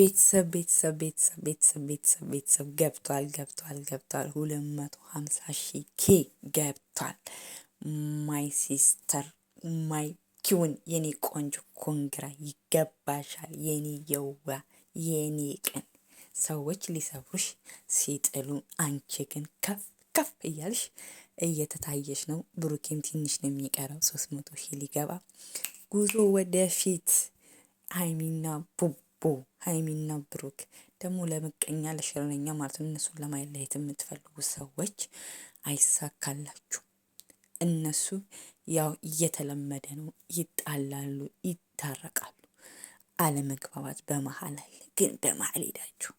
ቤተሰብ ቤተሰብ ቤተሰብ ቤተሰብ ቤተሰብ ቤተሰብ ገብቷል ገብቷል ገብቷል ሁለት መቶ ሀምሳ ሺ ኬ ገብቷል። ማይ ሲስተር ማይ ኪውን የኔ ቆንጆ ኮንግራ ይገባሻል። የኔ የዋ የኔ ቅን ሰዎች ሊሰብሩሽ ሲጥሉ፣ አንቺ ግን ከፍ ከፍ እያልሽ እየተታየሽ ነው። ብሩኬም ትንሽ ነው የሚቀረው ሶስት መቶ ሺህ ሊገባ ጉዞ ወደፊት አይሚና ቡቡ ቦ ሀይሚና ብሩክ ደግሞ ለምቀኛ ለሸረኛ ማለት ነው። እነሱን የምትፈልጉ ሰዎች አይሳካላችሁ። እነሱ ያው እየተለመደ ነው፣ ይጣላሉ፣ ይታረቃሉ። አለመግባባት በመሀል አለ። ግን በመሀል ሄዳችሁ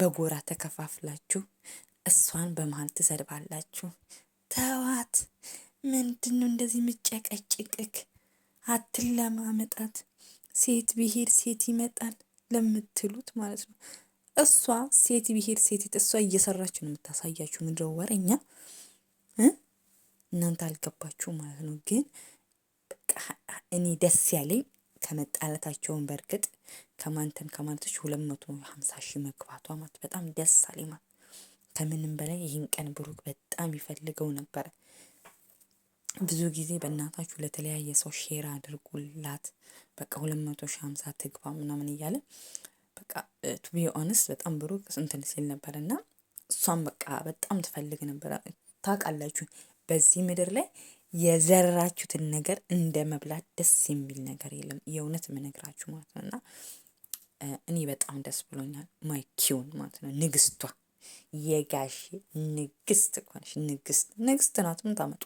በጎራ ተከፋፍላችሁ እሷን በመሀል ትሰድባላችሁ። ተዋት። ምንድን ነው እንደዚህ ምጨቀጭቅክ? አትለማመጣት። ሴት ቢሄድ ሴት ይመጣል። ለምትሉት ማለት ነው። እሷ ሴት ብሄድ ሴት እሷ እየሰራችሁ ነው የምታሳያችሁ። ምድረ ወረኛ እናንተ አልገባችሁ ማለት ነው። ግን እኔ ደስ ያለኝ ከመጣለታቸውን በእርግጥ ከማንተን ከማለቶች ሁለት መቶ ሀምሳ ሺህ መግባቷ ማለት በጣም ደስ አለኝ ማለት ከምንም በላይ ይህን ቀን ብሩክ በጣም ይፈልገው ነበረ። ብዙ ጊዜ በእናታችሁ ለተለያየ ሰው ሼር አድርጉላት በቃ ሁለት መቶ ሺህ ሀምሳ ትግባ ምናምን እያለ በቃ ቱ ቢ ኦነስት በጣም ብሩ እንትን ሲል ነበር እና እሷም በቃ በጣም ትፈልግ ነበር። ታውቃላችሁ በዚህ ምድር ላይ የዘራችሁትን ነገር እንደ መብላት ደስ የሚል ነገር የለም። የእውነት የምነግራችሁ ማለት ነው እና እኔ በጣም ደስ ብሎኛል። ማይኪውን ማለት ነው ንግስቷ የጋሽ ንግስት ኮነሽ ንግስት ንግስት ናት። ምን ታመጡ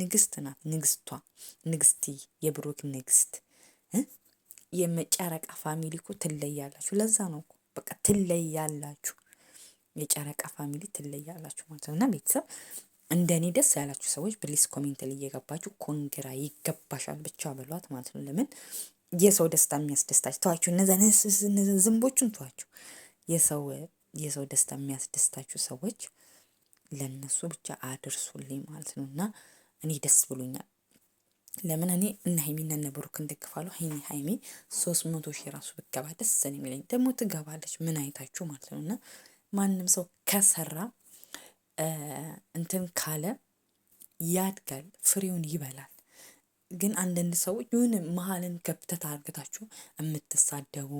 ንግስት ናት። ንግስቷ ንግስቲ የብሩክ ንግስት የመጨረቃ ፋሚሊ እኮ ትለያላችሁ። ለዛ ነው እኮ በቃ ትለያላችሁ። የጨረቃ ፋሚሊ ትለያላችሁ ማለት ነው እና ቤተሰብ እንደኔ ደስ ያላችሁ ሰዎች ብሊስ ኮሜንት ላይ እየገባችሁ ኮንግራ ይገባሻል ብቻ በሏት ማለት ነው። ለምን የሰው ደስታ የሚያስደስታችሁ ተዋችሁ፣ እነዚያ ዝንቦቹን ተዋችሁ። የሰው የሰው ደስታ የሚያስደስታችሁ ሰዎች ለነሱ ብቻ አድርሱልኝ ማለት ነው። እና እኔ ደስ ብሎኛል። ለምን እኔ እነ ሀይሚና እነ ብሩክን ደግፋለሁ። ሀይሚ ሀይሚ ሶስት መቶ ሺህ ራሱ ብትገባ ደስ ነው የሚለኝ። ደግሞ ትገባለች ምን አይታችሁ ማለት ነው። እና ማንም ሰው ከሰራ እንትን ካለ ያድጋል፣ ፍሬውን ይበላል። ግን አንዳንድ ሰዎች ይሁን መሀልን ገብተት አርግታችሁ የምትሳደቡ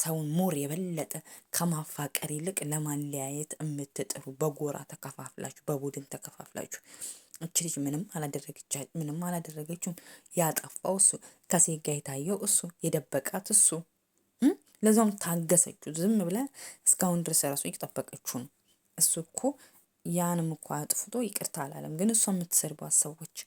ሰውን ሞር የበለጠ ከማፋቀር ይልቅ ለማለያየት የምትጥሩ በጎራ ተከፋፍላችሁ በቡድን ተከፋፍላችሁ እች ልጅ ምንም አላደረገቻት ምንም አላደረገችውም። ያጠፋው እሱ ከሴት የታየው እሱ የደበቃት እሱ ለዛውም ታገሰችው ዝም ብላ እስካሁን ድረስ ራሱ እየጠበቀችው ነው። እሱ እኮ ያንም እኮ አጥፍቶ ይቅርታ አላለም። ግን እሷ የምትሰርቧት ሰዎች